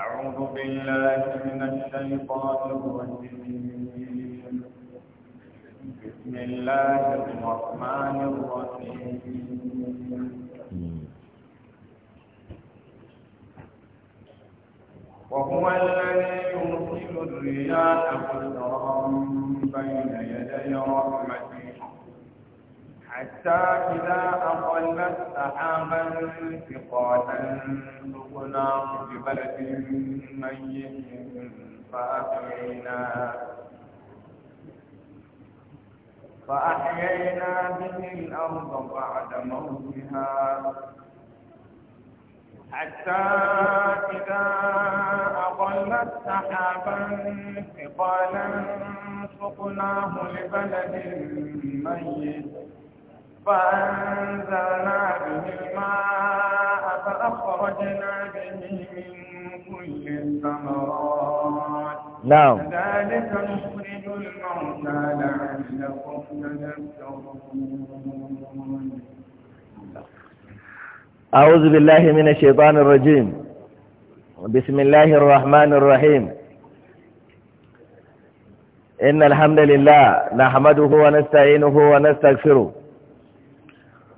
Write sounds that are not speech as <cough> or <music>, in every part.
أعوذ بالله من الشيطان الرجيم بسم الله الرحمن الرحيم وهو الذي يرسل الرياح بشرا بين يدي رحمته حتى إذا أقلت سحابا ثقالا سقناه ببلد ميت فأحيينا فأحيينا به الأرض بعد موتها حتى إذا أقلت سحابا ثقالا سقناه لبلد ميت فأنزلنا به الماء فأخرجنا به من كل الثمرات نعم كذلك نخرج الموتى لعلكم تذكرون أعوذ بالله من الشيطان الرجيم بسم الله الرحمن الرحيم إن الحمد لله نحمده ونستعينه ونستغفره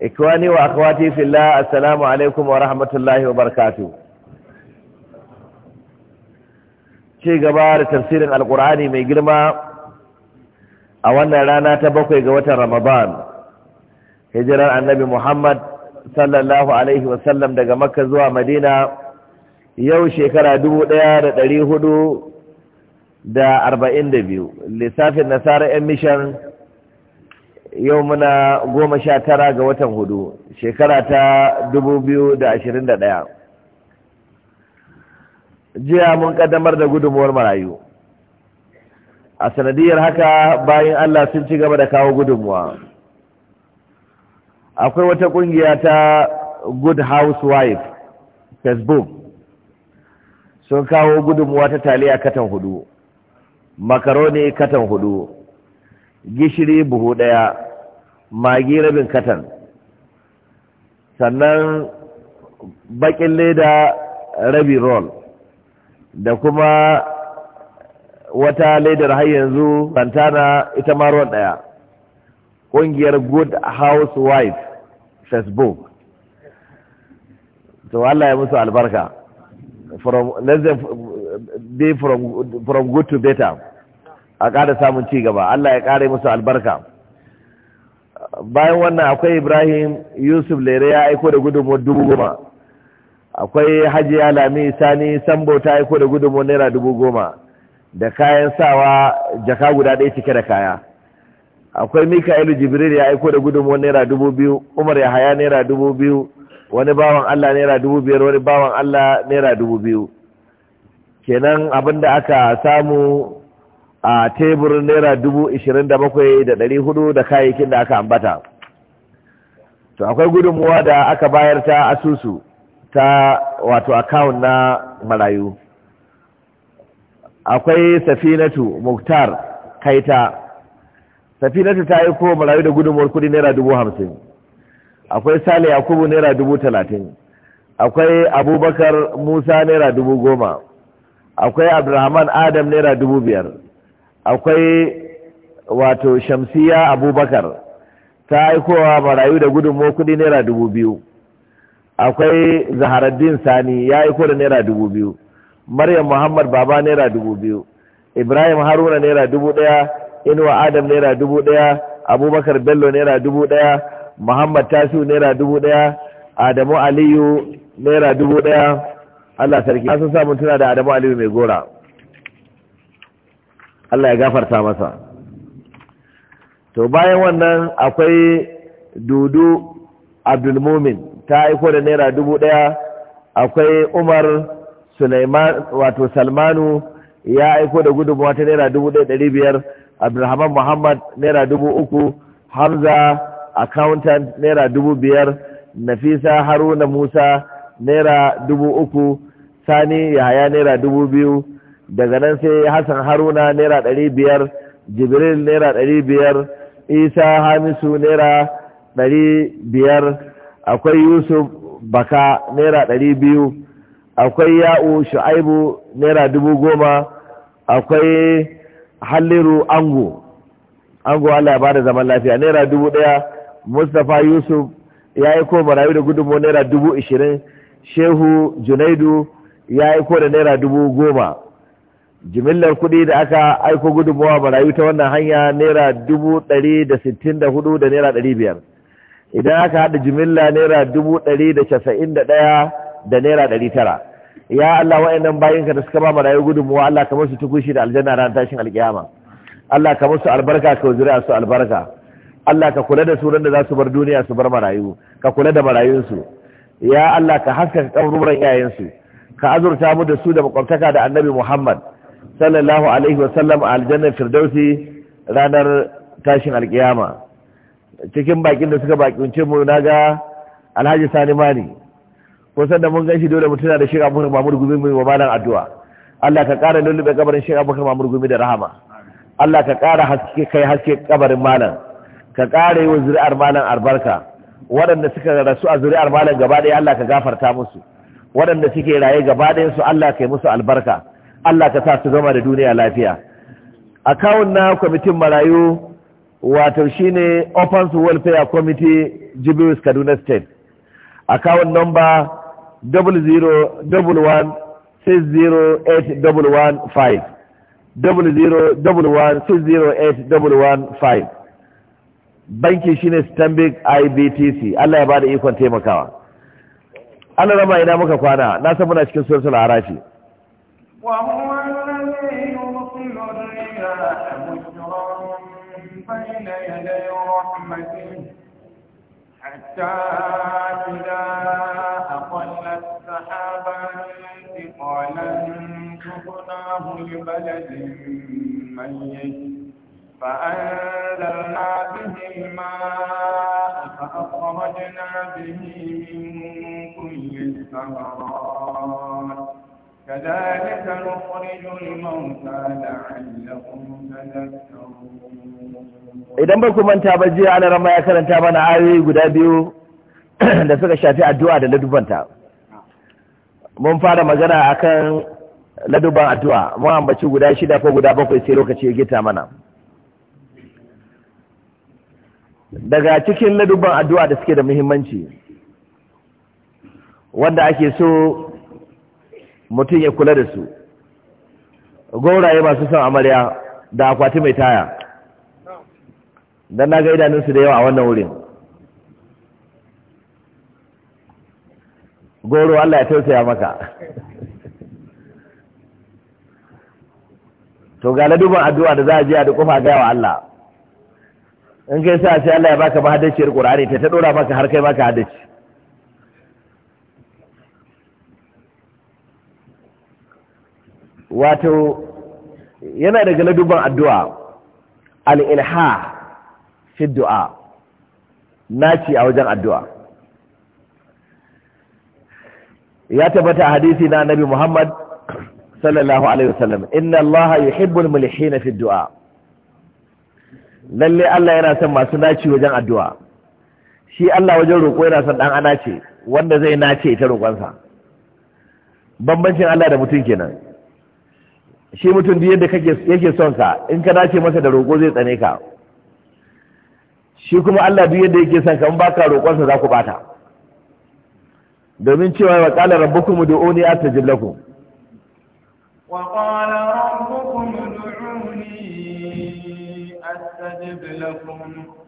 ikwani wa akwati fillah assalamu alaikum wa rahmatullahi wa barkatu. ci gaba da tafsirin alkur'ani mai girma a wannan rana ta bakwai ga watan ramadan hijirar annabi muhammad sallallahu alaihi wasallam daga makka zuwa madina yau shekara dubu ɗaya da ɗari hudu arba'in biyu lissafin nasarar yan mishan yau muna goma sha tara ga watan hudu shekara ta dubu biyu da ashirin da ɗaya jiya mun kaddamar da gudunmuwar marayu a sanadiyar haka bayan allah sun ci gaba da kawo gudunmuwa akwai wata kungiya ta good housewife facebook sun kawo gudunmuwa ta taliya katan hudu makaroni katan hudu gishiri buhu ɗaya magi rabin katan sannan bakin leda rabi roll da kuma wata ledar har yanzu santana ita maron ɗaya ƙungiyar good housewife facebook to Allah ya musu albarka from let's say, be from, from good to better a ƙara samun ci gaba Allah ya ƙare musu albarka bayan wannan akwai ibrahim yusuf lere ya aiko da gudunmuwar dubu goma akwai hajiya lami sani sambo ta aiko da gudunmuwar naira dubu goma da kayan sawa jaka guda ɗaya cike da kaya akwai mika'ilu jibril ya aiko da gudunmuwar naira dubu biyu umar ya haya naira dubu biyu wani bawan allah naira dubu biyar wani bawan allah naira dubu biyu kenan abin da aka samu a teburin naira dubu ishirin da bakwai da ɗari hudu da kayayyakin da aka ambata to akwai gudunmuwa da aka bayar ta asusu ta wato akawun na marayu akwai safinatu muktar kaita safinatu ta yi ko marayu da gudunmuwar kudi naira dubu hamsin akwai sale yakubu naira dubu talatin akwai abubakar musa naira dubu goma akwai abdulrahman adam naira dubu biyar akwai wato shamsiya abubakar ta aikowa marayu da gudunmo kudi naira dubu biyu akwai zaharaddin sani ya aiko da naira dubu biyu maryam muhammad baba naira dubu biyu ibrahim haruna naira dubu daya inuwa adam naira dubu daya abubakar bello naira dubu daya muhammad tasiu naira dubu daya adamu aliyu naira dubu daya allah sarki an sun samun tuna da adamu aliyu mai gora Allah ya gafarta masa to bayan wannan akwai dudu abdulmumin ta aiko da naira dubu ɗaya akwai umar Sulaiman wato salmanu ya aiko da gudunmuwa ta naira dubu ɗaya ɗari biyar abdulhaman muhammad naira dubu uku hamza accountant naira dubu biyar nafisa haruna musa naira dubu uku sani yahaya naira dubu biyu daga nan sai hassan haruna naira ɗari biyar jibril naira ɗari biyar isa hamisu naira ɗari biyar akwai yusuf baka naira ɗari biyu akwai ya'u shu'aibu naira dubu goma akwai halliru Angu. Angu allah ya ba da zaman lafiya naira dubu ɗaya mustapha yusuf ya yi ko marayu da gudunmu naira dubu ishirin shehu junaidu ya yi ko da naira dubu goma jimillar kuɗi da aka aiko gudunmawa marayu ta wannan hanya naira dubu da sittin da hudu da naira ɗari biyar idan aka haɗa jimilla naira dubu ɗari da casa'in da ɗaya da naira ɗari tara ya Allah wa'annan bayinka da suka ba marayu gudunmawa Allah ka musu tukushi da aljanna ran tashin alƙiyama Allah kamar su albarka ka zuriya su albarka Allah ka kula da su da za su bar duniya su bar marayu ka kula da marayunsu ya Allah ka haskaka kaburin yayansu ka azurta mu da su da makwabtaka da annabi Muhammad sallallahu alaihi wasallam a aljannar firdausi ranar tashin alkiyama cikin bakin da suka bakince mu na ga alhaji sani mani kusan da mun gan shi dole mutuna da shiga abubakar mamur gumi mai wa malam addu'a Allah ka ƙara lullube kabarin shiga abubakar mamur gumi da rahama Allah ka ƙara haske kai haske kabarin malam ka ƙara yi wa zuri'ar malam albarka waɗanda suka rasu a zuri'ar malam gaba ɗaya Allah ka gafarta musu waɗanda suke raye gaba ɗayan su Allah ka yi musu albarka Allah ka sa su zama da duniya lafiya akawun na kwamitin marayu wato shi ne Open Welfare Committee Jibiris Kaduna State akawun number 0011608115 0011608115 banki shi ne Stanbic IBTC Allah ya ba da ikon taimakawa Allah rama ina muka kwana na san muna cikin a arafi وهو الذي يرسل الرياح بشرا بين يدي رحمته حتى إذا أقلت سحابا ثقالا سقناه لبلد ميت فأنزلنا به الماء فأخرجنا به من كل الثمرات كذلك نخرج الموتى لعلكم idan ba بكم manta أبجي على ana يكال ya karanta mana ayoyi guda biyu da suka shafi addu'a da ladubanta mun fara magana akan laduban addu'a mun ambaci guda shida ko guda bakwai sai lokaci ya gita mana daga cikin laduban addu'a da suke da muhimmanci wanda ake so mutum ya kula da su goraye masu son amarya da akwati mai taya don na ga idanunsu da yawa a wannan wurin goro Allah ya tausaya maka to ga ladubin addu'a da za a jiya a dukufa gaya wa Allah in kai sa sai Allah ya baka mahadaciyar ƙur'ani ta ta ɗora maka har kai maka hadaci wato yana daga ladubin addu'a al'ilha fi du'a naci a wajen addu'a ya tabbata a hadisi na nabi muhammad sallallahu alaihi wasallam inna allaha yuhibbul mulhina fi du'a lalle Allah yana son masu naci wajen addu'a shi Allah wajen roƙo yana son ɗan ana ce wanda zai nace ta roƙonsa bambancin Allah da mutum kenan shi mutum duk yadda yake son ka in ka dace masa da roƙo zai tsane ka shi kuma Allah duk yadda yake son ka in baka sa za ku bata domin cewa wa qala rabbukum ud'uni astajib lakum wa qala rabbukum ud'uni astajib lakum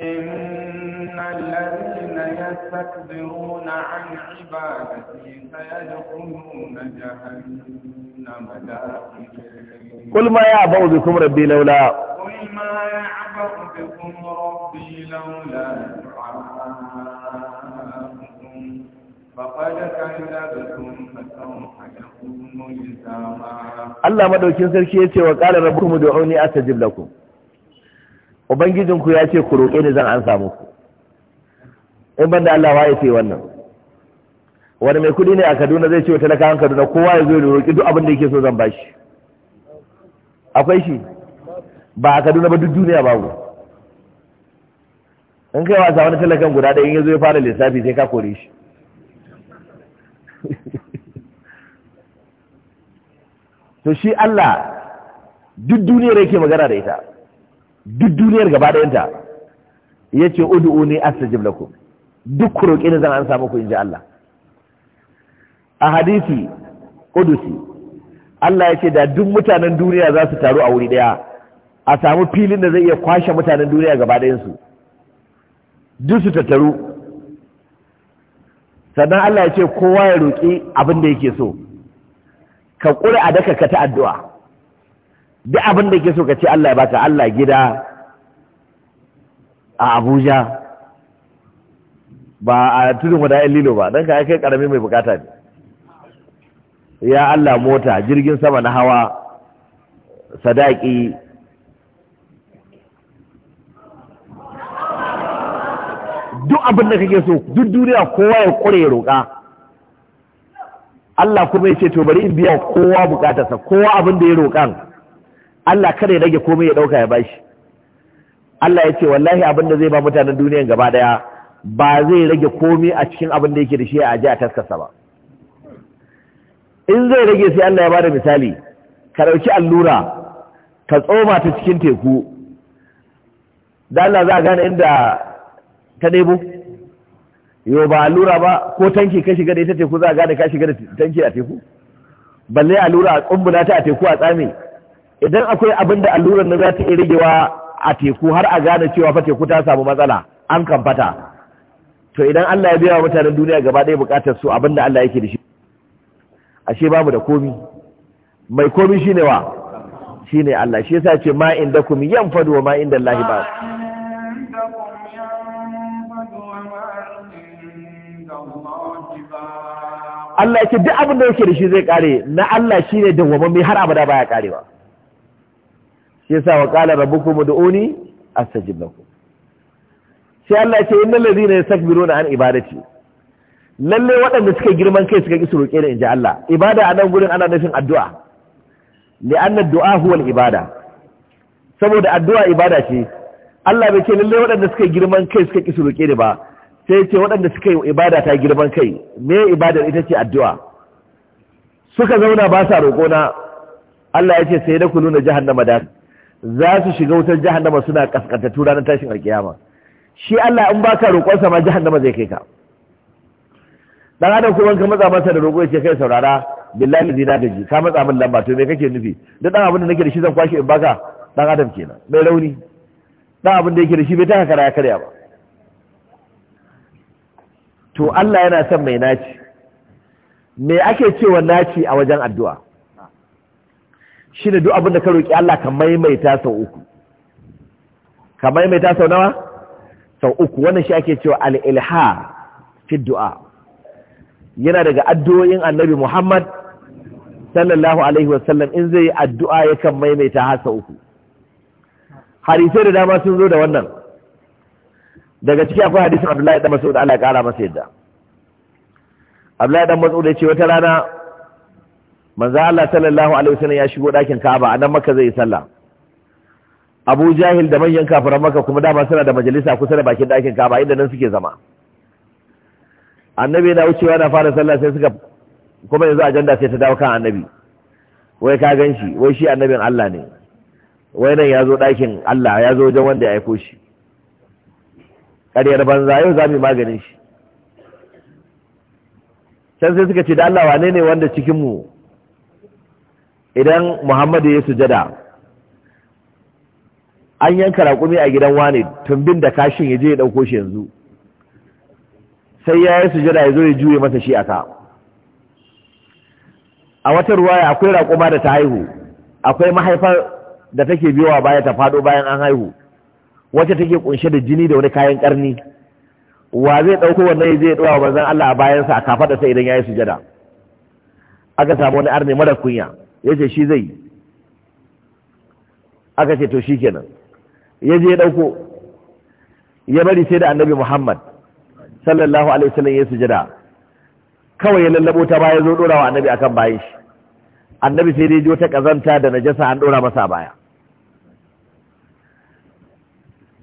إن الذين يستكبرون عن عبادتي سيدخلون جهنم داخلين قل ما يعبأ بكم ربي لولا قل ما يعبأ بكم ربي لولا دعاءكم فقد كذبتم فسوف يكون لزاما الله مدوكين سركي يتي وقال ربكم ادعوني استجب لكم ubangijinku ya ce ku roƙe ni zan ansa ku in banda Allah wa ya ce wannan wani mai kuɗi ne a Kaduna zai ce wa talakawan Kaduna kowa ya zo ya roƙi duk abin da yake so zan ba shi? akwai shi ba a Kaduna ba duk duniya babu in kai wasa wani talakan guda ɗaya in ya zo ya fara lissafi sai ka kore shi <laughs> to shi Allah duk duniyar yake magana da ita duk duniyar gaba ɗayanta ya ce a sajib lako duk ku roƙi zan an samu ku Allah a hadisi kudusi Allah ya ce da duk mutanen duniya za su taru a wuri ɗaya a samu filin da zai iya kwashe mutanen duniya gaba ɗayansu duk su tattaru sannan Allah ya ce kowa ya roƙi abin da yake so ka ƙuri a daka ka ta addu'a duk abin da ke so ka ce Allah ya baka Allah gida a Abuja ba a tudun wada yan lilo ba don ka kai karami mai bukata ne ya Allah mota jirgin sama na hawa sadaki duk abin da kake so duk duniya kowa ya kure ya roƙa Allah kuma ya ce to bari in biya kowa bukatarsa kowa abin da ya roƙan Allah kare rage komai ya dauka ya bashi Allah ya ce wallahi abin da zai ba mutanen duniyan gaba daya ba zai rage komai a cikin abin da yake da shi a ji a taskarsa ba in zai rage sai Allah ya bada misali ka dauki allura ka tsoma ta cikin teku da Allah za a gane inda ta debo yau ba allura ba ko tanki ka shiga da ita teku za a gane ka shiga da tanki a teku balle allura a tsumbuna ta a teku a tsame idan akwai abin da allurar nan za ta iya rigewa a teku har a gane cewa fa teku ta samu matsala an kamfata to idan Allah ya biya wa mutanen duniya gaba ɗaya buƙatar su abin da Allah yake da shi ashe babu da komi mai komi shine wa shine Allah shi yasa ce ma inda kum yanfadu wa ma inda Allah ba Allah yake duk abin da yake da shi zai kare na Allah shine dawwamamme har abada baya karewa shi yasa wa qala rabbukum ud'uni astajib lakum sai Allah ce innal ladina yastakbiruna an ibadati lalle waɗanda suka girman kai suka kisu roƙe da inji Allah ibada a nan gurin ana nufin addu'a li'anna du'a huwa ibada saboda addu'a ibada ce Allah bai ce lalle waɗanda suka girman kai suka kisu roƙe da ba sai ce waɗanda suka yi ibada ta girman kai me ibada ita ce addu'a suka zauna ba sa roƙona Allah ya ce sai da kuluna jahannama da za su shiga wutar jahannama suna kaskantattu ranar tashin alkiyama shi Allah in baka roƙonsa ma jahannama zai kai ka dan adam kuma ka matsa masa da roƙo yace kai saurara billahi zina na gaji ka matsa min lamba to me kake nufi duk dan abin da nake da shi zan kwashe in baka dan adam kenan mai rauni dan abin da yake da shi bai taka kara ya karya ba to Allah yana son mai naci me ake cewa naci a wajen addu'a shi ne duk abin da ka roƙi Allah ka maimaita sau uku ka maimaita sau nawa sau uku wannan shi ake cewa al'ilha fi du'a yana daga addu'o'in annabi Muhammad sallallahu alaihi wasallam in zai yi addu'a ya kan maimaita har sau uku harisai da dama sun zo da wannan daga ciki akwai hadisun Abdullahi ɗan Mas'ud Allah ya ƙara masa yadda Abdullahi ɗan Mas'ud ya ce wata rana manzo Allah sallallahu alaihi wasallam ya shigo ɗakin Ka'aba a nan Makka zai yi sallah Abu Jahil da manyan kafiran Makka kuma ba suna da majalisa kusa da bakin ɗakin Ka'aba inda nan suke zama Annabi na wucewa na fara sallah sai suka kuma yanzu ajanda sai ta dawo kan Annabi wai ka ganshi wai shi annabin Allah ne wai nan ya zo ɗakin Allah ya zo wajen wanda ya aiko shi kariyar banza yau za mu yi maganin shi can sai suka ce da Allah wane ne wanda cikinmu idan muhammad ya sujada an yanka raƙumi a gidan wani tumbin da kashin ya je ya ɗauko shi yanzu sai ya yi sujada ya zo ya juye masa shi aka a wata ruwaya akwai raƙuma da ta haihu akwai mahaifar da take biyowa baya ta faɗo bayan an haihu wacce take kunshe da jini da wani kayan karni wa zai ɗauko wannan zai ɗora wa manzon Allah a bayansa a kafaɗa sai idan ya yi sujada aka samu wani arni mara kunya ya ce shi zai aka ce to shi kenan ya je ya ɗauko ya bari sai da annabi muhammad sallallahu alaihi wasallam ya sujada kawai ya lallabo ta baya zo ɗora wa annabi akan bayan shi annabi sai dai ji wata ƙazanta da najasa an ɗora masa baya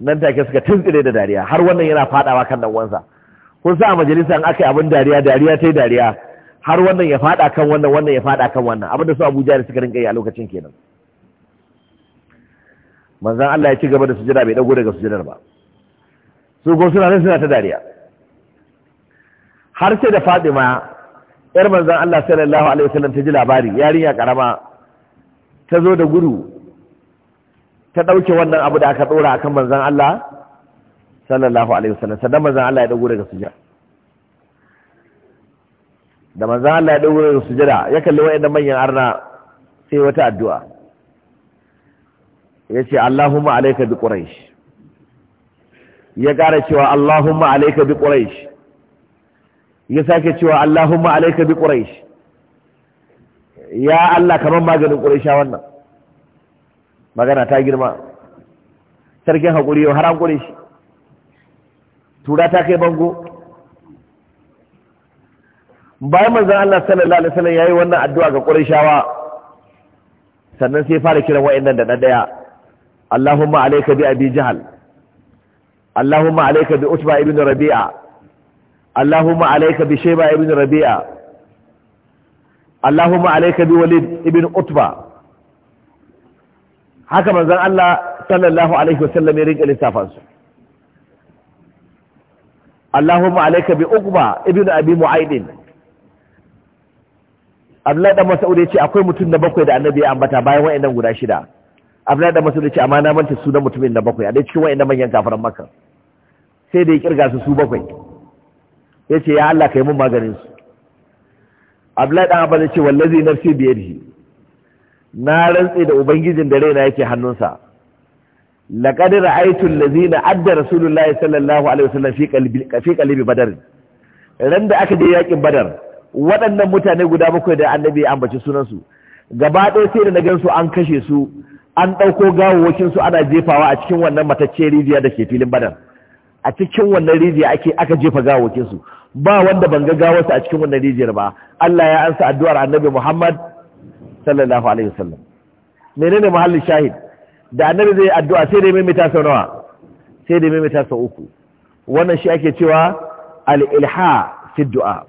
nan take suka tuntsire da dariya har wannan yana fadawa kan dan wansa. kun sa a majalisa an aka yi abin dariya dariya ta yi dariya har wannan ya fada kan wannan wannan ya fada kan wannan abinda su abuja da suka rinka yi a lokacin kenan manzan Allah ya ci gaba da sujada bai dago daga sujadar ba su go suna nan suna ta dariya har sai da Fatima yar manzan Allah sallallahu alaihi wasallam ta ji labari yarinya karama ta zo da gudu ta dauke wannan abu da aka dora akan manzan Allah sallallahu alaihi wasallam sannan manzan Allah ya dago daga sujada da manzo Allah ya dawo wurin sujada ya kalli wayannan manyan arna sai wata addu'a Ya ce Allahumma alayka bi quraish ya kara cewa Allahumma alayka bi quraish ya sake cewa Allahumma alayka bi quraish ya Allah kamar maganin quraisha wannan magana ta girma sarkin hakuri har an quraishi tura ta kai bango bayan manzan Allah sallallahu alaihi wasallam yayi wannan addu'a ga Qurayshawa sannan sai fara kiran wayannan da daya Allahumma alayka bi Abi Jahl Allahumma alayka bi Utba ibn Rabi'a Allahumma alayka bi Shayba ibn Rabi'a Allahumma alayka bi Walid ibn Utba haka manzan Allah sallallahu alaihi wasallam ya rinka lissafansu Allahumma alayka bi Uqba ibn Abi Mu'aydin abdullahi dan mas'ud ya ce akwai mutum na bakwai da annabi ya ambata bayan wa'annan guda shida abdullahi dan mas'ud ya ce amma na manta sunan mutumin na bakwai a dai cikin wa'annan manyan kafiran makka sai da ya kirga su su bakwai ya ce ya Allah kai mun maganin su abdullahi dan abba ya ce wallazi nafsi biyadihi na rantse da ubangijin da raina yake hannunsa laqad ra'aytu allazina adda rasulullahi sallallahu alaihi wasallam fi qalbi fi qalbi badar ran da aka je yakin badar waɗannan mutane guda bakwai da annabi ya ambaci sunansu gaba ɗaya sai da na su an kashe su an ɗauko gawawakin su ana jefawa a cikin wannan matacciyar rijiya da ke filin badan a cikin wannan rijiya ake aka jefa gawawakin su ba wanda ban ga gawarsa a cikin wannan rijiyar ba Allah ya ansa addu'ar annabi Muhammad sallallahu alaihi wasallam menene muhallin shahid da annabi zai addu'a sai da maimaita sau nawa sai da maimaita sau uku wannan shi ake cewa al-ilha fi du'a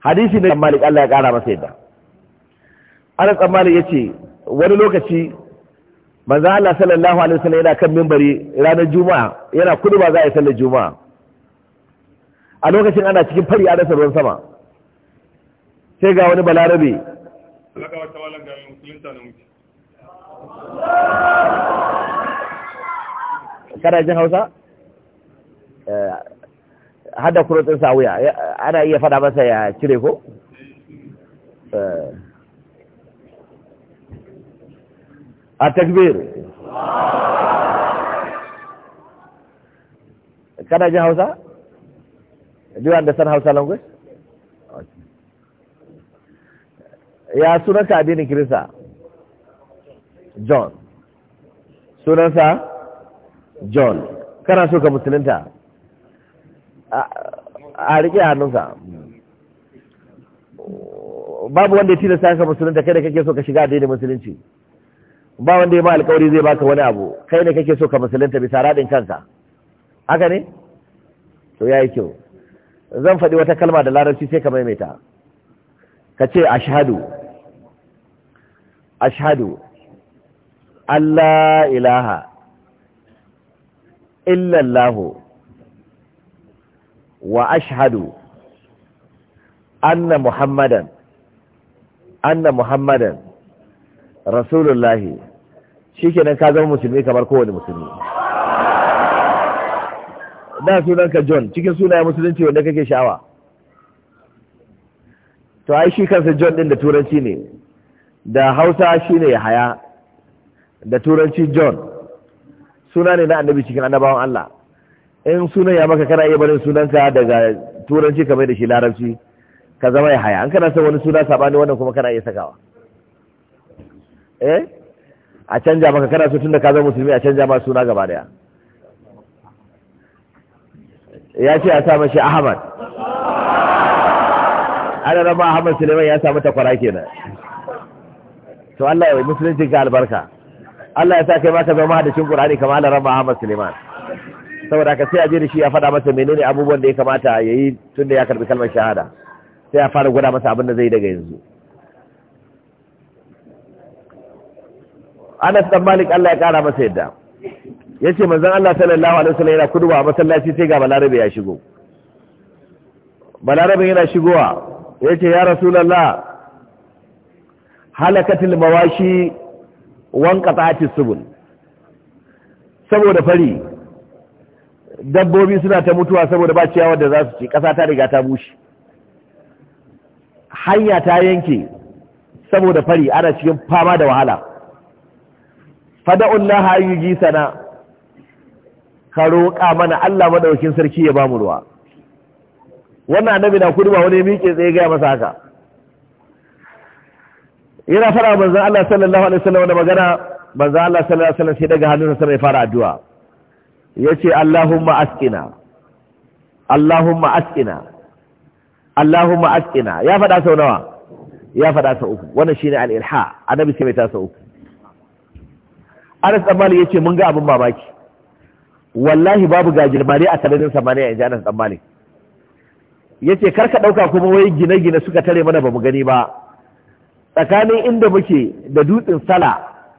hadisi ne malik Allah ya kara masa yadda ana tsammanin ya ce, wani lokaci manzan Allah sallallahu alaihi wasallam yana kan mimbari ranar juma'a yana kudu ba za a yi sallar juma'a a lokacin ana cikin fari a rasa ruwan sama sai ga wani balarabe kana jin hausa eh, hada kurutun sa wuya ana iya fada masa ya cire ko eh. a takbir kana ji hausa? do you understand hausa language? ya sunanka addinin kirista john sunansa john kana so ka musulunta a rike hannunka babu wanda ya tilasta ka musulunta kai da kake so ka shiga addinin musulunci ba wanda ya ma alkawari zai baka wani abu kai ne kake so ka musulunta bisa radin kanka haka ne to yayi kyau zan faɗi wata kalma da larabci sai ka maimaita ka ce ashhadu ashhadu Allah ilaha illallahu وأشهد أن محمدا أن محمدا رسول الله zama zama musulmi kamar kowane musulmi. da sunanka John cikin sunayen musulunci wanda kake sha'awa to ai shi kansa John din da turanci ne da Hausa shine Yahaya da turanci John suna ne na annabi cikin annabawan Allah in sunan ya maka kana iya barin sunanka daga turanci kamar da shi larabci ka zama ya haya an kana son wani suna sabani wannan kuma kana iya sakawa eh a canja maka kana so tunda ka zama musulmi a canja ma suna gaba daya ya ce a sa mashi ahmad ana rama ahmad suleiman ya samu takwara kenan to Allah ya musulunci ga albarka Allah ya sa kai ma ka zama hadashin Qur'ani kamar Allah rabba ahmad suleiman saboda ka sai a je da shi ya faɗa masa menene abubuwan da ya kamata ya yi tun da ya karbi kalmar shahada sai ya fara gwada masa abin da zai daga yanzu Anas dan Malik Allah ya kara masa yadda yace manzon Allah sallallahu alaihi wasallam yana kuduwa a masallaci sai ga Balarabe ya shigo Balarabe yana shigowa yace ya Rasulullah halakatul mawashi wanqata'atis subul saboda fari dabbobi suna ta mutuwa saboda ba ciyawar da za su ci ƙasa ta riga ta bushe hanya ta yanke saboda fari ana cikin fama da wahala yi ji sana ka roƙa mana Allah maɗaukin sarki ya ba mu ruwa wannan annabi na kudu ba wani miƙe tsaye gaya masa haka yana fara manzan Allah sallallahu alaihi wasallam da magana manzon Allah sallallahu alaihi wasallam sai daga hannunsa sai fara addu'a yace Allahumma askina, Allahumma askina, Allahumma askina. ya faɗa sau nawa ya faɗa sau uku wannan shine al a annabi sai mai ta sau uku Anas dan ya yace mun ga abin mamaki. wallahi babu jirmani a sanarin samaniya ji Anas dan ya ce karka ɗauka kuma wai gine-gine suka tare mana bamu gani ba tsakanin inda muke da dutsen sala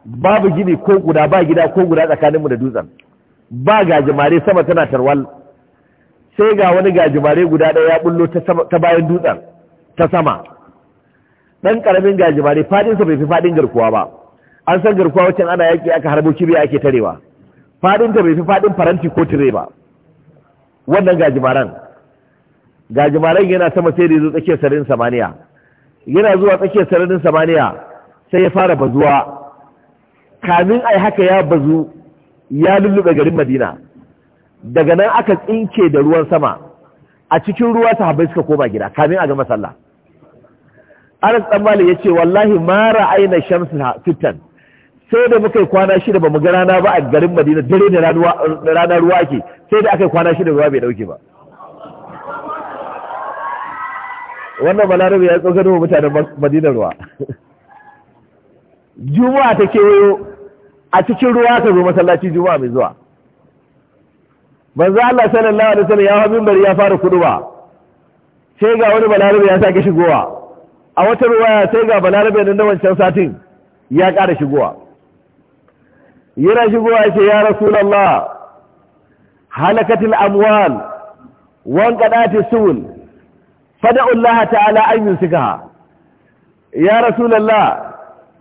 babu gini ko guda ba gida ko guda tsakaninmu da dutsen ba gajimare sama tana tarwal sai ga wani gajimare guda ɗaya ya bullo ta bayan dutsen ta sama ɗan ƙaramin gajimare faɗinsa bai fi faɗin garkuwa ba an san garkuwa wacce ana yaƙi aka harbo kibiya ake tarewa faɗinta bai fi faɗin faranti ko tire ba wannan gajimaren gajimaren yana sama sai da zo tsakiyar sararin samaniya yana zuwa tsakiyar sararin samaniya sai ya fara bazuwa kamin ai haka ya bazu ya lullube garin madina daga nan aka tsinke da ruwan sama a cikin ruwa sahabbai suka koma gida kamin a gama sallah anas dan malik ce wallahi mara aina shamsu fitan sai da muka yi kwana shida ba mu ga rana ba a garin madina dare da rana ruwa ake sai da aka yi kwana shida ruwa bai dauke ba wannan balarabe ya tsogano mutanen madina ruwa <laughs> juma'a ta kewayo a cikin ruwa ka zo masallaci juma'a mai zuwa manzo Allah sallallahu alaihi wasallam ya hawo minbar ya fara kuduba sai ga wani balarabe ya sake shigowa a wata ruwaya sai ga balarabe nan da wancan satin ya ƙara shigowa yana shigowa ce ya rasulullah halakatil amwal wan qadati sul fada'u Allah ta'ala an yusikaha ya rasulullah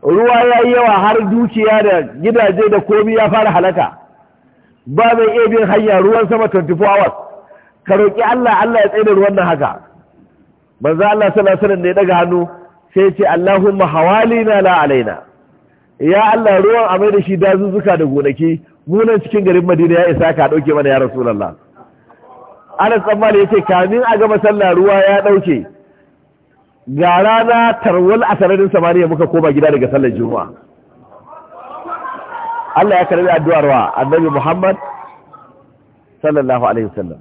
ruwa ya yi yawa har dukiya da gidaje da komi ya fara halaka ba mai iya bin hanya ruwan sama 24 hours ka roƙi Allah Allah ya tsaye da ruwan nan haka manzo Allah sallallahu alaihi da ya daga hannu sai ce Allahumma hawalina la alaina ya Allah ruwan a mai da shi dazuzzuka da gonaki munan cikin garin Madina ya isa ka dauke mana ya Rasulullah Anas ya yace kamin a gama sallah ruwa ya dauke ga rana tarwal a sararin samaniya muka koma gida daga sallar juma'a Allah ya karbi addu'ar wa annabi Muhammad sallallahu alaihi wasallam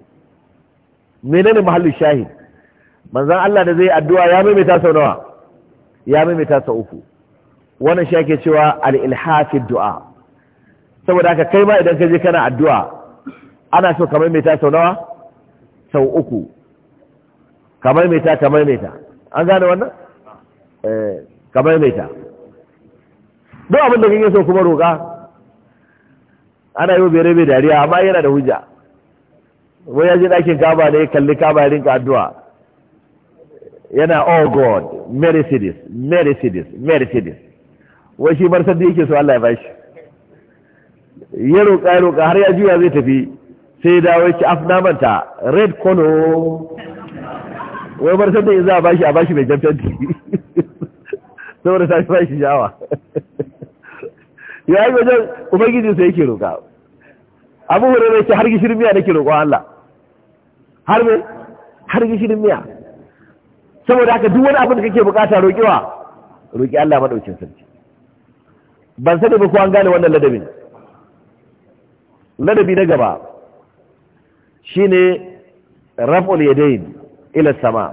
menene mahallin shahid manzon Allah da zai addu'a ya maimaita sau nawa ya maimaita sau uku wannan shi ake cewa al-ilhafi du'a saboda haka kai ma idan ka je kana addu'a ana so ka maimaita sau nawa sau uku ka maimaita ka maimaita an gane wannan eh, kamar mai ta duk abinda da kake so kuma roƙa ana yi wa bere mai dariya amma yana da hujja wai ya je ɗakin kaba ne kalli kaba ya rinka addu'a yana oh god mercedes mercedes mercedes wai shi bar sanda yake so Allah ya bashi ya roƙa ya roƙa har ya juya zai tafi sai ya dawo ya ci afna manta red kono wai bar sanda yanzu a bashi a bashi mai jan fenti saboda ta bashi shawa ya yi wajen ubangiji sai yake roƙa abu mai ce har gishirin miya nake roƙo Allah har me har gishirin miya saboda haka duk wani abin da kake bukata roƙewa roƙi Allah madaukin sarki ban sani ba ko an gane wannan ladabin ladabi na gaba shine raf'ul yadayn ila sama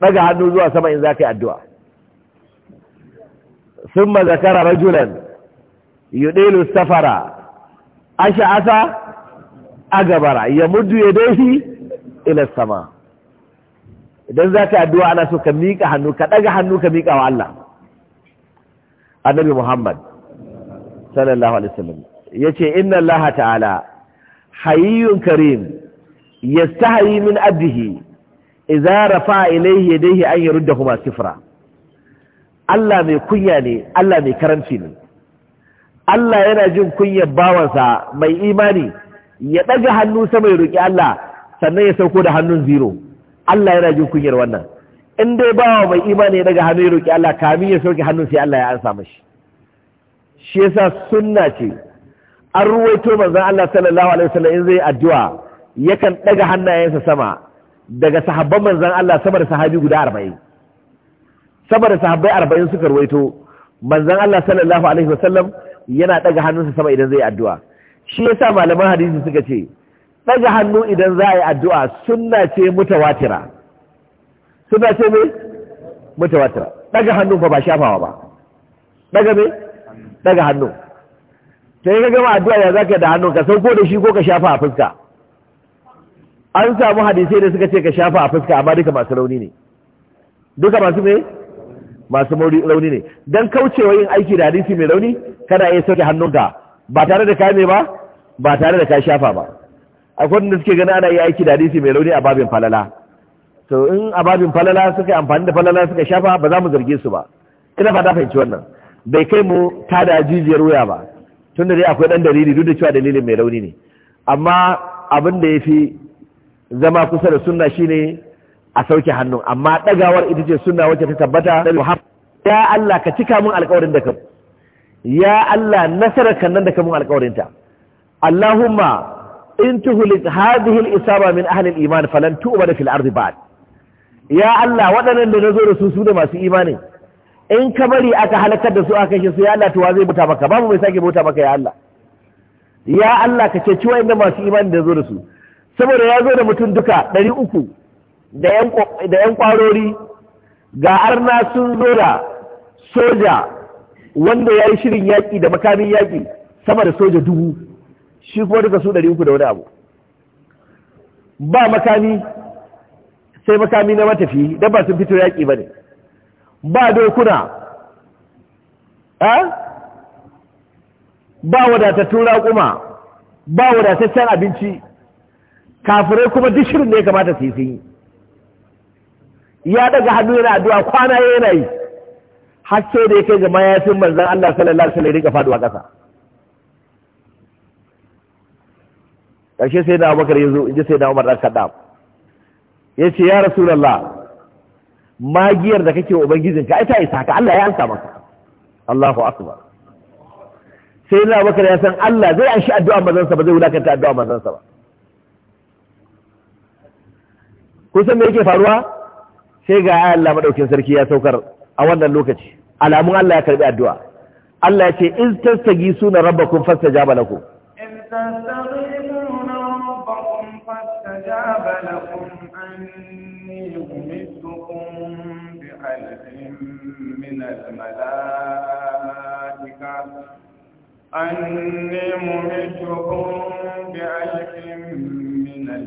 daga hannu zuwa sama in za ka yi addu'a sun mazakara rajulan yudilu safara asha asa gabara ya muddu ya daishi ila sama idan za ka addu'a ana so ka miƙa hannu ka daga hannu ka miƙa wa Allah annabi Muhammad sallallahu alaihi wasallam yace inna Allah ta'ala hayyun karim yastahi min abdihi idza rafa ilayhi sifra Allah mai kunya ne Allah mai karanci ne Allah yana jin kunyar bawansa mai imani ya ɗaga hannu sama ya roƙi Allah sannan ya sauko da hannun ziro. Allah yana jin kunyar wannan in dai bawa mai imani ya ɗaga hannu ya roƙi Allah kamin ya sauke hannun sai Allah ya ansa mashi shi sunna ce an ruwaito manzon Allah sallallahu alaihi wasallam in zai addu'a yakan ɗaga hannayensa sama daga sahabban manzan Allah sama da sahabi guda arba'in sama da sahabbai arba'in suka ruwaito manzan Allah sallallahu alaihi wasallam yana ɗaga hannunsa sama idan zai addu'a shi ya sa malaman hadisi suka ce ɗaga hannu idan za a yi addu'a suna ce mutawatira suna ce me mutawatira ɗaga hannu fa ba shafawa ba ɗaga me ɗaga hannu sai ka gama addu'a ya zaka da hannu ka sauko da shi ko ka shafa a fuska an samu hadisai da suka ce ka shafa a fuska amma duka masu rauni ne duka masu me masu rauni ne don kaucewa yin aiki da hadisi mai rauni kana iya sauke hannunka ba tare da kame ba ba tare da ka shafa ba akwai wanda suke gani ana iya aiki da hadisi mai rauni a babin falala to in a babin falala suka amfani da falala suka shafa ba za mu zarge su ba ina fata fahimci wannan bai kai mu ta da jijiyar wuya ba tun da dai akwai dan dalili duk da cewa dalilin mai rauni ne amma abin da ya fi zama kusa da sunna shine a sauke hannu amma dagawar ita ce sunna wacce ta tabbata ya Allah ka cika mun alƙawarin da ka ya Allah nasarar kan nan da ka mun alƙawarin ta Allahumma in tuhlik hadhihi al-isaba min ahli al-iman falan tu'bad fil ardi ba'd ya Allah waɗannan da nazo da su su da masu imani in ka bari aka halakar da su aka shi su ya Allah to wa zai buta maka babu mai sake buta maka ya Allah ya Allah ka ceci waɗanda masu imani da zo da su saboda ya zo da mutum duka ɗari uku da ‘yan kwarori ga arna sun zo da soja wanda ya yi shirin yaƙi da makamin yaƙi sama da soja dubu shi kuma duka su ɗari uku da wani abu ba makami sai makami na matafi don ba sun fito yaƙi ba ne ba dokuna ba wadatattun raƙuma ba wadataccen abinci kafirai kuma duk shirin da ya kamata su yi sun yi ya daga hannu yana addu'a kwana yana yi hakke da ya kai ga mayafin manzan Allah sallallahu alaihi wasallam ya faduwa ƙasa ƙarshe sai da Abubakar ya inji sai da Umar dan Khattab ya ce ya Rasulullah magiyar da kake wa ubangijinka ai ta isa ka Allah ya ansa maka Allahu akbar sai da Abubakar ya san Allah zai anshi addu'a manzansa ba zai wulakanta addu'a manzansa ba kun san me yake faruwa sai ga Allah madaukin sarki ya saukar a wannan lokaci alamun Allah ya karbi addu'a Allah ya ce in tastagi suna rabbakum fastajaba lakum in tastaghifuna rabbakum fastajaba lakum anni umittukum bi alfin min al-malaika anni mumitukum bi alfin min al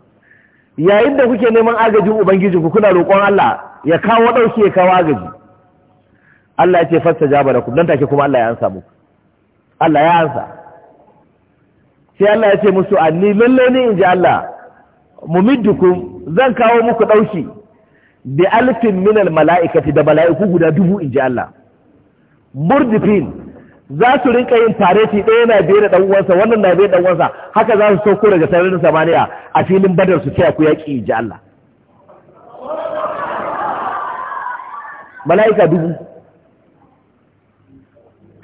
yayin da kuke neman agajin ubangijinku kuna roƙon Allah ya kawo ɗauki ya kawo agaji Allah ya ce fasta jaba da ku don take kuma Allah ya ansa muku Allah ya ansa sai Allah ya ce musu anni lalle ni in ji Allah Mu mumiddukum zan kawo muku ɗauki bi alfin minal mala'ikati da mala'iku guda dubu in ji Allah murdifin za su rinka yin fareti ɗaya na biye da ɗan uwansa wannan na biye da ɗan uwansa haka za su sauko daga sararin samaniya a filin badar su ce ku yaƙi ji Allah mala'ika dubu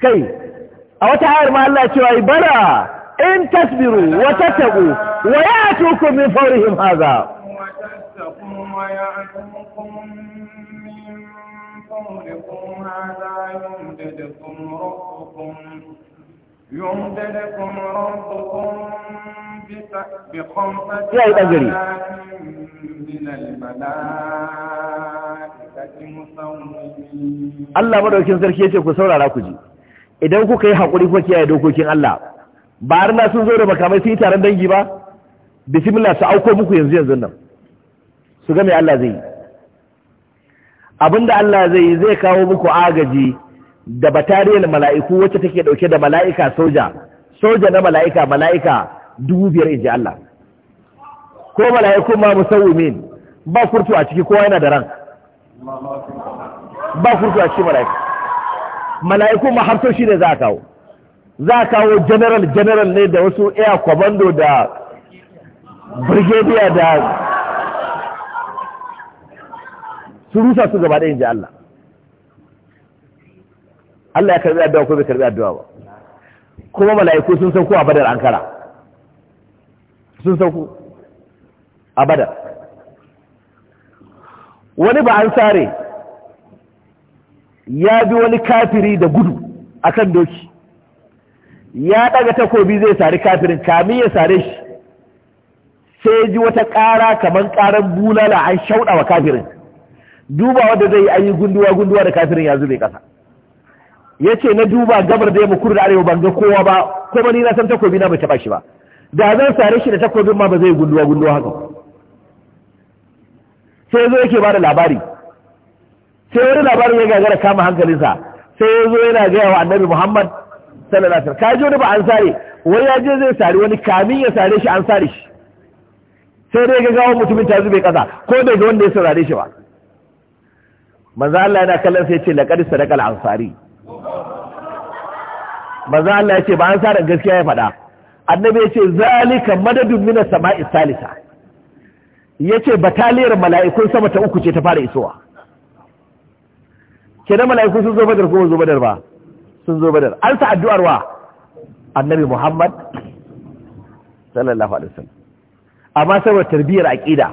kai a wata ayar ma Allah cewa bara in tasbiru wa tattaku wa ya'tukum min fawrihim hadha ربكم يمددكم ربكم بخمسة آلاف من الملائكة مسومين الله سركي ku saurara ku ji idan kuka yi hakuri kuma kiyaye dokokin Allah ba har na sun zo da makamai sun yi taron dangi ba bismillah su auko muku yanzu yanzu nan su ga me Allah zai yi abinda Allah zai yi zai kawo muku agaji da batariyar mala'iku wacce take dauke da mala'ika soja soja na mala'ika mala'ika dubu biyar inji Allah ko mala'iku ma min ba kurtu a ciki kowa yana da ran ba kurtu a ciki mala'iku mala'iku ma harto shi ne za a kawo za a kawo general general ne da wasu air commando da brigadier da su rusa su gaba ɗaya inji Allah Allah ya karbi addu'a ko bai karbi addu'a ba kuma mala'iku sun sauko a badar ankara sun sauko a badar wani ba an sare ya bi wani kafiri da gudu a kan doki ya daga takobi zai sari kafirin kamin ya sare shi sai ji wata ƙara kamar ƙaran bulala an shauɗa wa kafirin duba wanda zai yi an yi gunduwa gunduwa da kafirin ya zube ƙasa ya ce na duba gabar da ya mukuru da arewa ban ga kowa ba ba ni na san takobi na bai taɓa shi ba da zan sare shi da takobin ma ba zai gunduwa gunduwa haka sai zo yake ba da labari sai wani labarin ya gagara kama hankalinsa sai ya zo yana gaya wa annabi muhammad sallallahu alaihi kaji wani ba an sare wani ya je zai sare wani kamin ya sare shi an sare shi sai dai ga gawo mutumin ta zube kasa ko bai ga wanda ya sare shi ba manzo Allah yana kallon sai ya ce laqad sadaqa al-ansari manzo Allah ya ce ba an sa gaskiya ya faɗa annabi ya ce zalika madadun minas sama'i salisa ya ce bataliyar mala'ikun sama ta uku ce ta fara isowa kenan mala'ikun sun zo badar ko zo badar ba sun zo badar an sa addu'ar wa annabi muhammad sallallahu alaihi wasallam amma saboda tarbiyyar aqida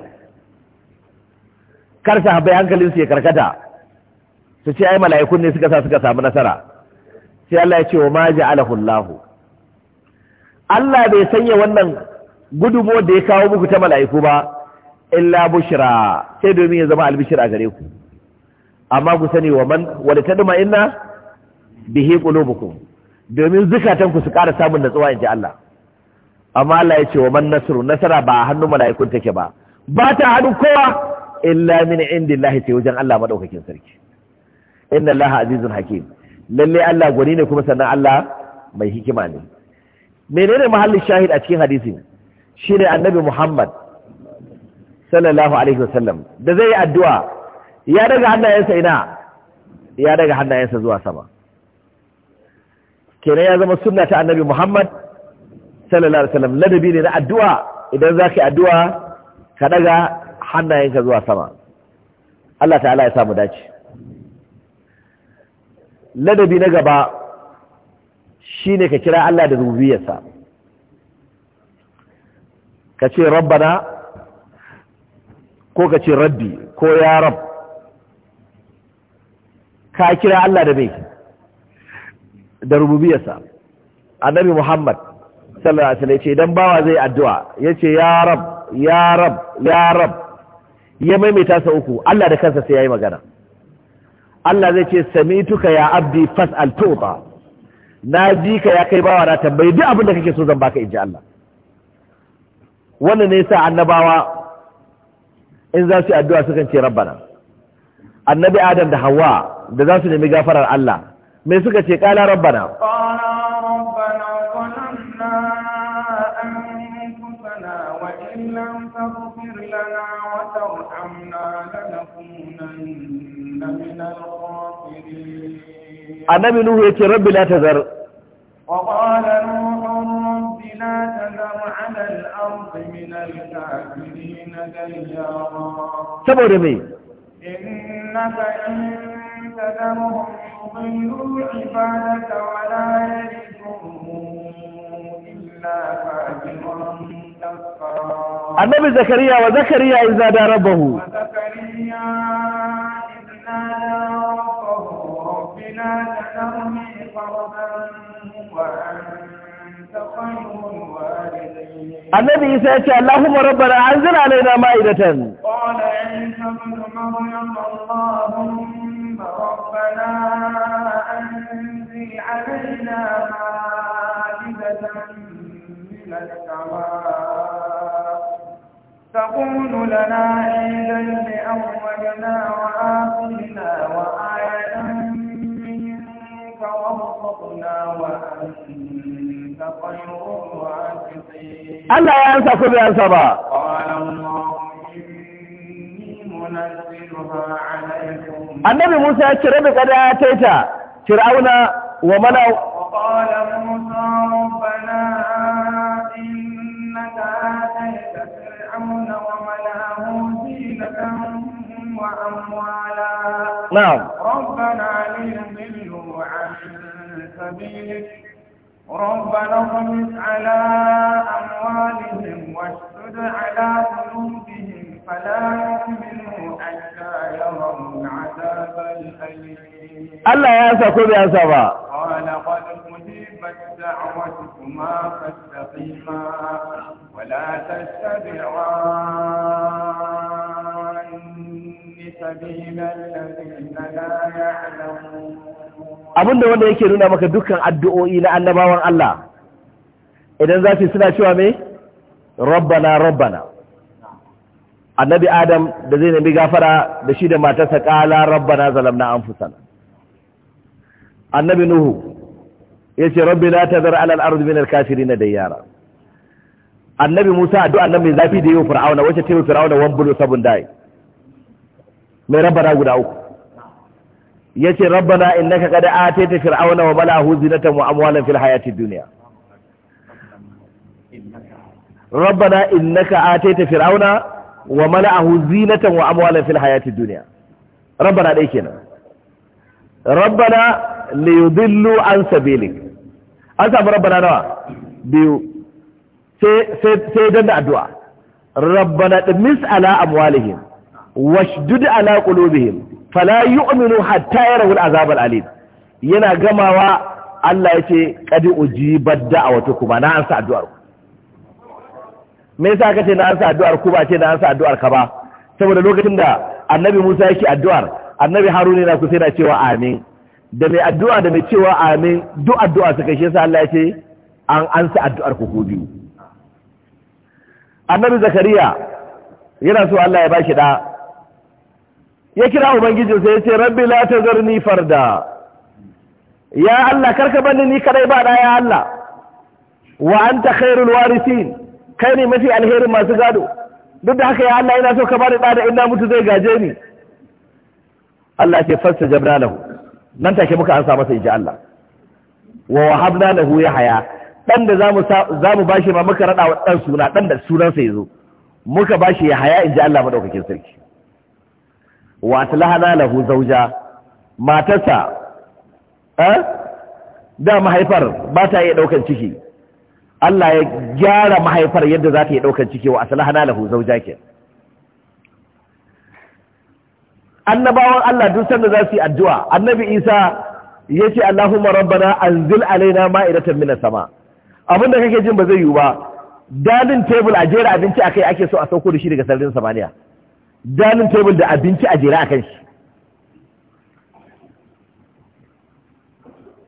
karsa bai hankalin su ya karkata su ce ai mala'ikun ne suka sa suka samu nasara sai Allah ya ce wa ma alahullahu Allah Allah bai sanya wannan gudumo da ya kawo muku ta mala'iku ba illa bushira sai domin ya zama albishir a gare ku amma ku sani wa man wa tadma inna bihi qulubukum domin zukatan ku su ƙara samun natsuwa in ji Allah amma Allah ya ce wa man nasru nasara ba hannun mala'ikun take ba ba ta hannun kowa illa min indillahi sai wajen Allah madaukakin sarki inna Allah azizun hakim lalle Allah gwani ne kuma sannan Allah mai hikima ne menene mahallin shahid a cikin hadisin shine annabi Muhammad sallallahu alaihi wasallam da zai yi addu'a ya daga hannayensa ina ya daga hannayensa zuwa sama kenan ya zama sunna ta annabi Muhammad sallallahu alaihi wasallam ladabi ne na addu'a idan zaka addu'a ka daga hannayenka zuwa sama Allah ta'ala ya samu dace ladabi na gaba shi ne ka kira Allah da rububiyarsa ka ce rabbana ko ka ce rabbi ko ya rab ka kira Allah da mai da rububiyarsa annabi Muhammad sallallahu alaihi wasallam ce idan bawa zai addu'a ce ya rab ya rab ya rab ya maimaita sa uku Allah da kansa sai ya yi magana Allah zai ce sami samituka ya abdi fas'al tuba na ji ka ya kai bawa na tambayi duk abinda da kake so zan baka inji Allah wannan ne sa annabawa in za su yi addu'a sukan ce rabbana annabi adam da hawa da za su nemi gafarar Allah mai suka ce kala rabbana annabi nuhu يا rabbi la tazar وقال نوح رب لا تذر على الأرض من الكافرين ديارا سبب مي إنك إن تذرهم يضلوا عبادك ولا يجدهم إلا فاجرا كفارا النبي زكريا وزكريا إذا نادى ربه وزكريا إذ نادى ربه الجبال ترمي قربا النبي يسأل اللهم ربنا أنزل علينا مائدة قال عيسى بن مريم اللهم ربنا أنزل علينا مائدة من السماء تقول لنا عيدا لأولنا وآخرنا وآية Allah ya yansa ku da yansa ba. Annabi Musa ya cire da kada ya taita, Fir'auna wa mana سبيلك ربنا اغمس على أموالهم واشتد على قلوبهم فلا يؤمنوا حتى يروا العذاب الأليم الله يا سكوب يا سبا قال قد أجيبت دعوتكما فاستقيما ولا تتبعان abin da wanda yake nuna maka dukkan addu'o'i na annabawan Allah idan za su suna cewa mai rabbana rabbana annabi adam da zai nemi gafara da shi da matarsa kala rabbana zalamna anfusana annabi nuhu ce rabbi la ta ala alal ard kafiri na da yara annabi musa addu'an nan mai zafi da yau fir'auna wacce ta yi fir'auna wan sabon dai mai rabbana guda uku yace rabbana innaka qad atayta fir'auna wa mala'ahu zinata wa amwalan fil hayati dunya rabbana innaka atayta fir'auna wa mala'ahu zinata wa amwalan fil hayati dunya rabbana dai kenan rabbana liyudillu an sabilik an samu rabbana nawa biyu sai sai dan da addu'a rabbana dimis ala amwalihim washdud ala qulubihim fala yu'minu hatta azab al alim yana gamawa Allah yace qad ujibat da'watukum na ansa addu'ar ku me yasa kace na ansa addu'ar ku ba ce na ansa addu'ar ka ba saboda lokacin da annabi Musa yake addu'ar annabi Harun yana ku sai na cewa amin da mai addu'a da mai cewa amin duk addu'a suka shi yasa Allah yace an ansa addu'ar ku ku biyu annabi Zakariya yana so Allah ya bashi da ya kira Ubangiji, sai ya ce rabbi la tazarni farda ya Allah karka bani ni kadai ba ya Allah wa anta khairul warithin kai ne mafi alherin masu gado duk da haka ya Allah ina so ka bani da ina mutu zai gaje ni Allah ke fasta jabna lahu nan take muka ansa masa inji Allah wa wahabna lahu yahya dan da zamu zamu bashi ma muka rada wa dan suna dan da sunan sa yazo muka bashi yahya inji Allah madaukakin sarki wa aslahana lahu zauja matarsa eh da mahaifar ba ta yi daukan ciki Allah ya gyara mahaifar yadda za ta yi daukan ciki wa hana lahu zauja ke annabawan Allah duk sanda za su yi addu'a annabi Isa ya yace Allahumma rabbana anzil alaina ma'idatan minas sama abinda kake jin ba zai yiwu ba dalin tebul a jera abinci a akai ake so a sauko da shi daga sararin samaniya dining table da abinci a jera a kan shi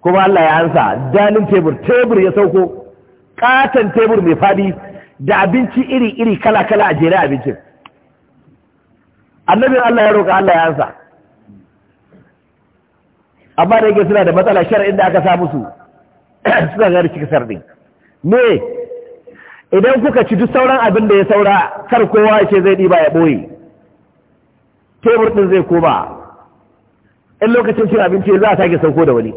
kuma Allah ya ansa dining table table ya sauko katon table mai fadi da abinci iri-iri kala-kala a jera abincin annabin Allah ya roƙa Allah ya ansa amma da yake suna da matsala shar'in da aka samu <coughs> su, suna gari cikin sardi ne idan kuka ci duk sauran abin da ya saura kar kowa ce zai ɗiba ya ɓoye tebur ɗin zai koma in lokacin cin abinci za a sake sauko da wani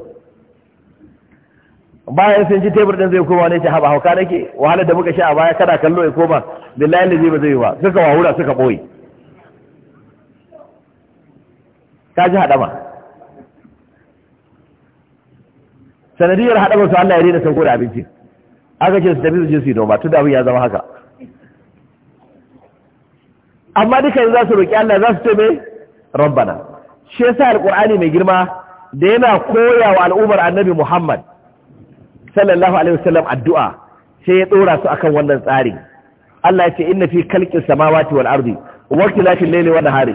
bayan sun ci tebur ɗin zai koma ne ce haba hauka nake wahalar da muka sha a baya kada kallo ya koma billahi lazi ba zai yi ba suka wahura suka ɓoye ka ji haɗama sanadiyar haɗama su Allah ya rina sauko da abinci aka ce su tafi su je su yi noma tun da abin ya zama haka amma duka za su roƙi Allah za su ce mai rabbana shi yasa alqur'ani mai girma da yana koya wa al'ummar annabi Muhammad sallallahu alaihi wasallam addu'a sai ya dora su akan wannan tsari Allah ya ce inna fi khalqis samawati wal ardi wa ikhtilafil layli wan nahari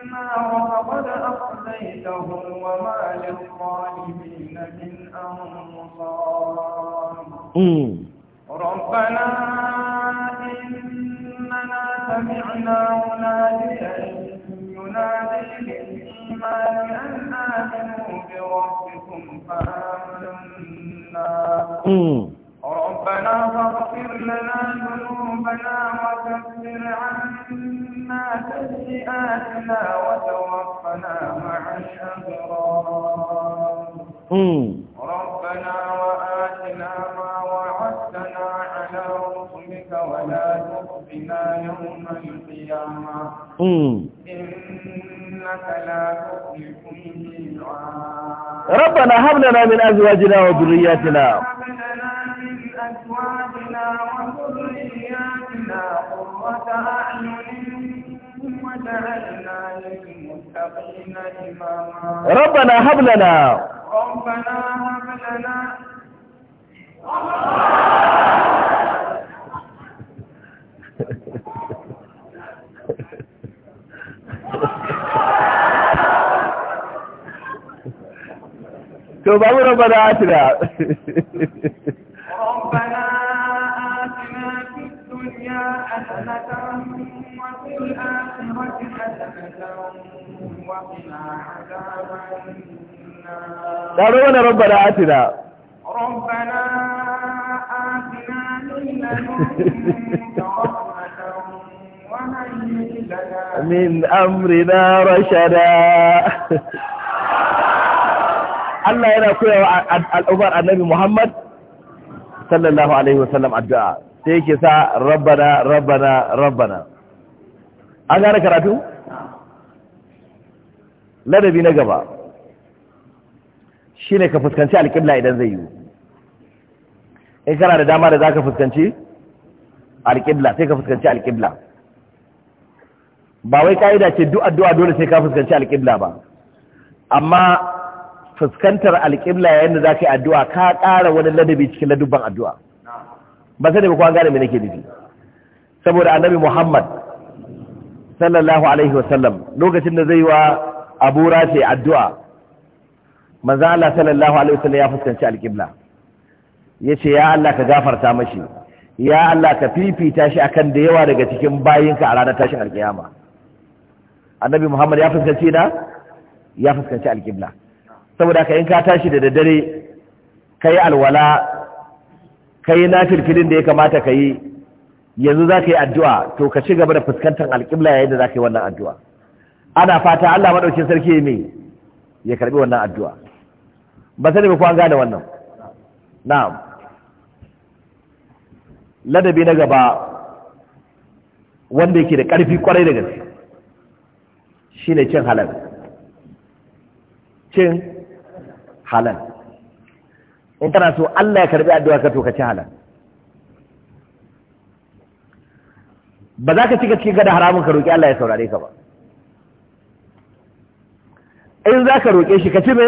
النار فقد أخزيتهم وما للظالمين من أنصار ربنا إننا سمعنا مناديا ينادي للإيمان أن آمنوا بربكم فآمنا ربنا فاغفر لنا ذنوبنا وكفر عنا سيئاتنا وتوفنا مع الأبرار ربنا وآتنا ما وعدتنا على رسلك ولا تخزنا يوم القيامة إنك لا تخلف الميعاد ربنا هب لنا من أزواجنا وذرياتنا ربنا أعين ربنا هب لنا ربنا هب لنا تو ربنا آتنا ربنا ربنا آتنا ربنا آتنا من لنا من أمرنا رشدا الله yana koyawa النبي محمد صلى الله عليه وسلم الدعاء sai ke sa rabbana rabbana rabbana an gane karatu ladabi na gaba shine ka fuskanci alƙibla idan zai yi in kana da dama da za ka fuskanci alƙibla sai ka fuskanci alƙibla ba wai ka'ida ce duk addu'a dole sai ka fuskanci alƙibla ba amma fuskantar alƙibla yayin da za ka yi addu'a ka ƙara wani ladabi cikin ladubban addu'a ba sai da ba kuma gane mai nake nufi saboda annabi Muhammad sallallahu alaihi wasallam lokacin da zai wa Abu Rafi addu'a maza Allah sallallahu alaihi wasallam ya fuskanci alƙibla, ya ce ya Allah ka gafarta mashi ya Allah ka fifita shi akan da yawa daga cikin bayinka a ranar tashin alƙiyama. annabi Muhammad ya fuskanci na, ya fuskanci alƙibla. saboda ka in ka tashi da daddare kai alwala ka yi nafilfilin da ya kamata ka yi yanzu za ka yi addu'a to ka ci gaba da fuskantar alƙibla yayin da za ka yi wannan addu'a ana fata Allah maɗaukin sarki mai ya karɓi wannan addu'a ba sani ba kuwa gane wannan na'am ladabi na gaba wanda yake da ƙarfi ƙwarai da gaske shi ne cin halal cin halal in kana so Allah ya karbi addu'a ka to ka ci halal ba za ka cika cikin gada haramun ka roƙi Allah ya saurare ka ba in za ka roƙe shi ka ci me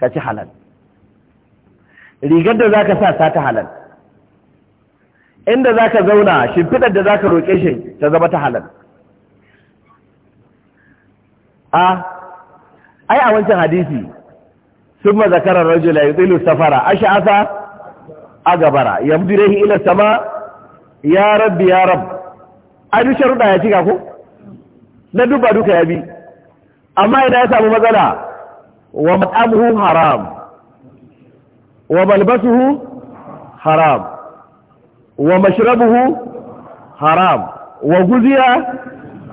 ka ci halal rigar da za ka sa sa ta halal inda za ka zauna shimfiɗar da za ka roƙe shi ta zama ta halal a ai a wancan hadisi ثم ذكر الرجل يطيل السفر أشعث أقبر يمدره إلى السماء ya rabbi ya rab a duk sharuɗa ya cika ko na duba duka ya bi amma ina ya samu matsala wa mat'amuhu haram wa malbasuhu haram wa mashrabuhu haram wa guziya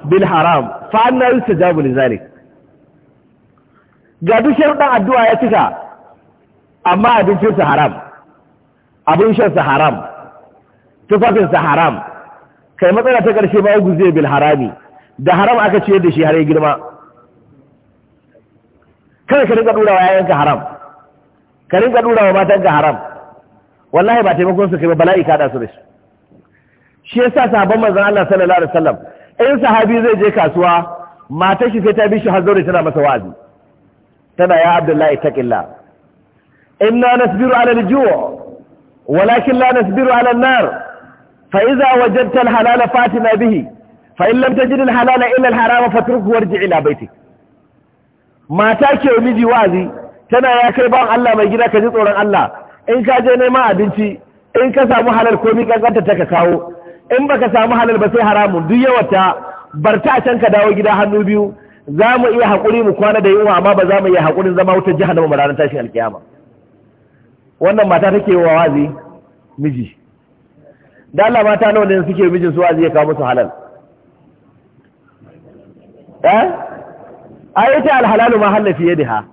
bil haram fa anna yustajabu li zalik ga duk ɗan addu'a ya cika amma abincinsa haram abin shansa haram tufafinsa haram kai matsala ta ƙarshe ba ya zai bil harami da haram aka ciyar da shi har ya girma kada ka rinka ɗura wa yayanka haram ka rinka ɗura wa matanka haram wallahi ba taimakon su kai ba bala'i ka su da shi shi sa sahabban manzon Allah sallallahu alaihi wasallam in sahabi zai je kasuwa matar shi sai ta bi shi har zaure tana masa wa'azi tana ya abdullahi taƙilla. inna nasbiru ala al walakin la nasbiru ala nar fa idza wajadta al fatina bihi fa in lam tajid al illa al-haram warji' ila mata ke miji wazi tana ya kai ban Allah mai gida ka ji tsoron Allah in ka je neman abinci in ka samu halal ko mi kankanta ta ka kawo in baka samu halal ba sai haramun duk yawata barta a can ka dawo gida hannu biyu za mu iya haƙuri mu kwana da yunwa amma ba za mu iya haƙurin zama wutar jahannama mu ranar tashin alkiyama wannan mata take wa wazi miji da Allah mata nawa ne suke mijin su wazi ya kawo musu halal eh ai ta alhalalu ma halla fiye da ha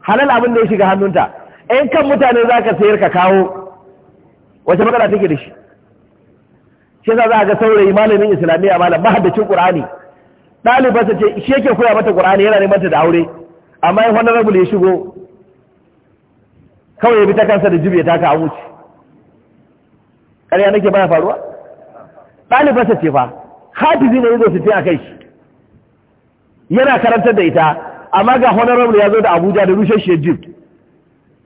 halal abin da ya shiga hannunta in kan mutane za ka sayar ka kawo wace magana take da shi shi za a ga saurayi malamin islamiyya malam mahaddacin qur'ani ɗalibarsa ce shi yake koya mata ƙur'ani yana neman ta da aure amma wannan rabu ya shigo kawai ya bi ta kansa da jibe ta ka wuce ƙarya nake baya faruwa ɗalibarsa ce fa hafizi ne yazo su ce a kai shi yana karantar da ita amma ga honorable ya zo da abuja da rushe shi jib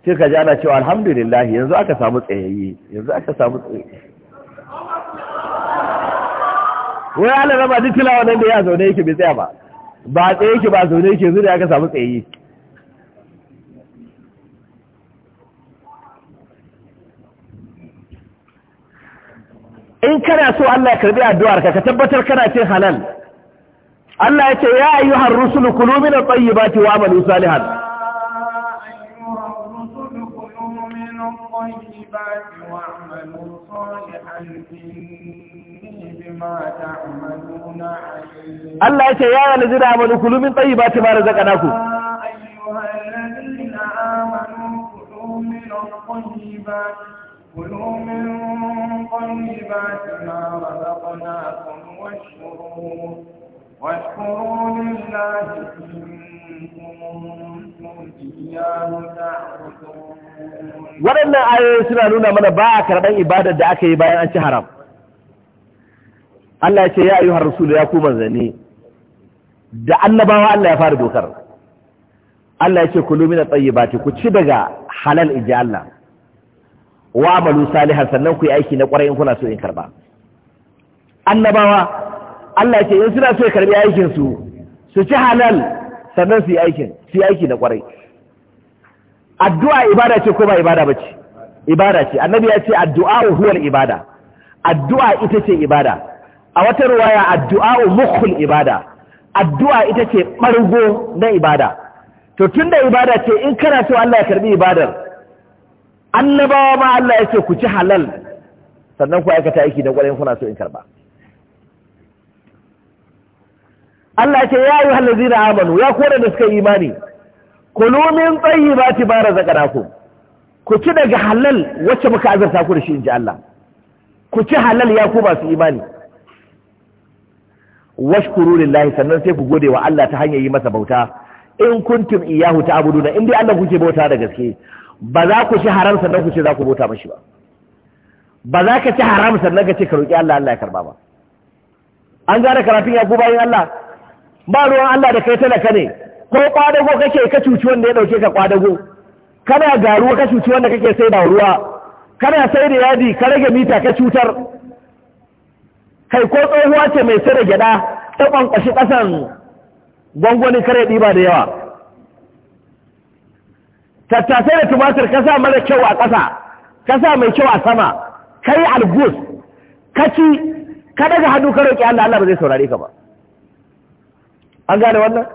sai ka ji ana cewa alhamdulillah yanzu aka samu tsayayye yanzu aka samu tsayayye wai Allah zama duk tilawa nan da ya zaune yake bai tsaya ba ba tsaye yake ba zaune yake zuri aka samu tsaye in kana so Allah ya karbi addu'ar ka ka tabbatar kana cin halal Allah ya ce ya ayyuhar rusulu kulu min at-tayyibati wa amalu salihan Allah ya ce ya yana zira amalu kulu min tsayi ba ta ba da naku. waɗannan ayoyi suna nuna mana ba a karɓar ibadar da aka yi bayan an ci haram Allah ya ce ya ayyuhar rasul ya ku manzanni da annabawa Allah ya fara dokar Allah ya ce kulu min at-tayyibati ku ci daga halal inji Allah wa amalu salihan sannan ku yi aiki na kwarai in kuna so in karba annabawa Allah ya ce in suna so ya karbi aikin su su ci halal sannan su yi aikin su yi aiki na kwarai addu'a ibada ce ko ba ibada bace ibada ce annabi ya ce addu'a al ibada addu'a ita ce ibada a wata ruwaya addu'a mukul ibada addu'a ita ce ɓargo na ibada to tun da ibada ce in kana so Allah ya karbi ibadar annabawa ma Allah ya ce ku ci halal sannan ku aikata aiki da kwarai kuna so in karba Allah ya ce ya yi na amanu ya kore da suka yi imani tsayi ba ci bara razaqnakum ku ci daga halal wacce muka azurta ku da shi in inji Allah ku ci halal ya ku masu imani washkuru lillahi sannan sai ku gode wa Allah ta hanyar yi masa bauta in kuntum iyahu ta'buduna in dai Allah kuke bauta da gaske ba za ku ci haram sannan ku ce za ku bauta mashi ba ba za ka ci haram sannan ka ce ka roki Allah Allah ya karba ba an gane karatun ya ku bayan Allah ba ruwan Allah da kai talaka ne ko kwadago kake ka cuci wanda ya dauke ka kwadago kana garuwa ka cuci wanda kake sai da ruwa kana sai da yadi ka rage mita ka cutar kai ko tsohuwa ce mai tsira gyada ta ƙwanƙwashi ƙasan gwangwani kare ɗiba da yawa tattasai da tumatir kasa mara kyau a ƙasa kasa mai kyau a sama kai algus kaci ka daga hannu ka roƙi Allah Allah ba zai saurare ka ba an gane wannan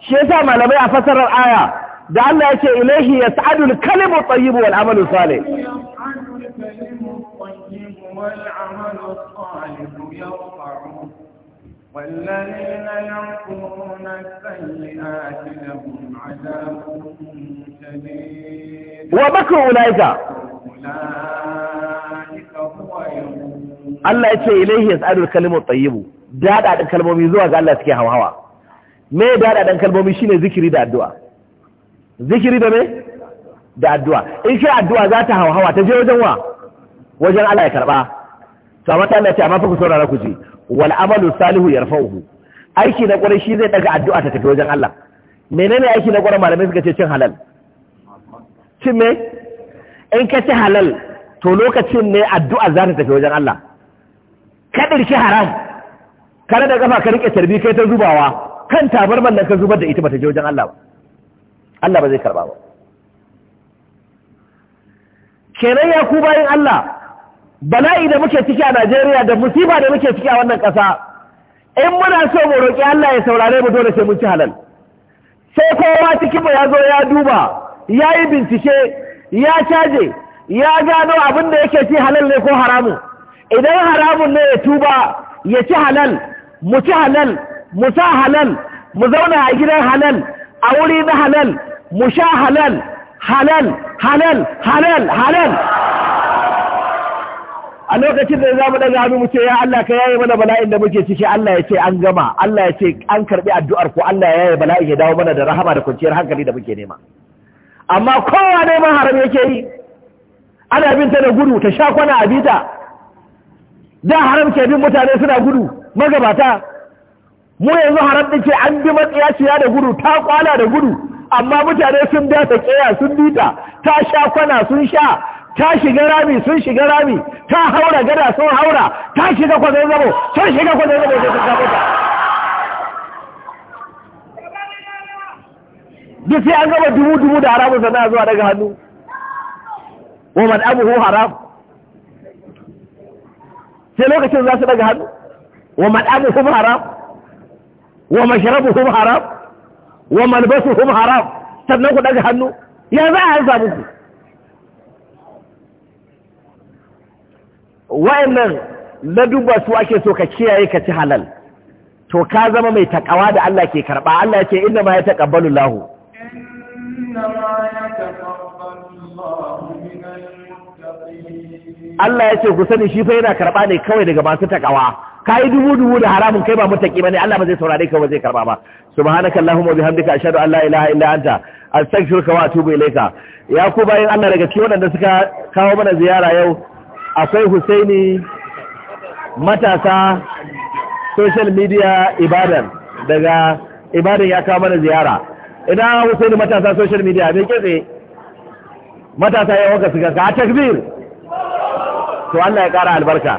shi yasa malamai a fasarar aya da Allah yake ilahi ya al-kalimu at-tayyib wal amalu salih والذين ينقضون السيئات لهم عذاب شديد وبكوا أولئك أولئك هو يوم Allah ya ce ilaihi yas'alul kalimut tayyibu dada da kalmomi zuwa ga Allah suke hawa me dada kalmomi shine zikiri da addu'a zikiri da me da addu'a in kai addu'a za ta hawa ta je wajen wa wajen Allah ya karba to amma ta Allah ce amma fa ku saurara ku ji wal amalu salihu yarfa'uhu aiki na kwarai shi zai daga addu'a ta tafi wajen Allah menene aiki na kwarai malamai suka ce cin halal cin me in ka ci halal to lokacin ne addu'a za ta tafi wajen Allah ka dirki haram kare da kafa ka rike tarbi kai ta zubawa kan tabarman nan ka zubar da ita bata je wajen Allah ba Allah ba zai karba ba kenan ya ku bayin Allah bala'i da muke ciki a Najeriya da musiba da muke ciki a wannan ƙasa in muna so mu roƙi Allah ya saurare mu dole sai mun ci halal sai kowa cikin mu ya zo ya duba ya yi bincike ya caje ya gano abin da yake ci halal ne ko haramu. idan haramun ne ya tuba ya ci halal mu ci halal mu sa halal mu zauna a gidan halal a wuri na halal mu sha halal halal halal halal halal a lokacin da za mu daga hannu mu ce ya Allah ka yaye mana bala'in da muke ciki Allah ya ce an gama Allah ya ce an karbi addu'ar ku Allah ya yaye bala'in ya dawo mana da rahama da kwanciyar hankali da muke nema amma kowa ne ma haram yake yi ana bin ta da gudu ta sha kwana a bita da haram ke bin mutane suna gudu magabata mu yanzu haram din ce an bi matsiyaciya da gudu ta kwala da gudu amma mutane sun dasa tsaya sun bita ta sha kwana sun sha ta shiga rami sun shiga rami ta haura gada sun haura ta shiga kwazon zabo sun shiga kwazon zabo sai sun samu ta duk sai an gaba dubu dubu da haramun sana zuwa daga hannu wa man abuhu haram sai lokacin za su daga hannu wa man abuhu haram wa mashrabuhu haram wa kuma haram sannan ku daga hannu ya za a hansa muku wa'annan duba su ake so ka kiyaye ka ci halal to ka zama mai takawa da Allah ke karɓa. Allah ce inda ma ya taqabbalu lahu Allah ya ce ku sani shi fa yana karɓa ne kawai daga masu takawa ka yi dubu dubu da haramun kai ba mutaki bane Allah ba zai saurare ka ba zai karba ba subhanaka allahumma bihamdika ashhadu an la ilaha illa anta astaghfiruka wa atubu ilayka ya ku bayan Allah daga cikin wadanda suka kawo mana ziyara yau akwai Husaini matasa social media ibadan daga ibadan ya kawo mana ziyara ina Husaini matasa social media me kitse matasa yawan ka suka ka takbir to Allah ya kara albarka